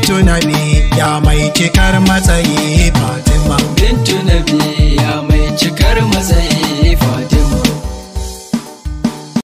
tunani ya mai cikar matsayi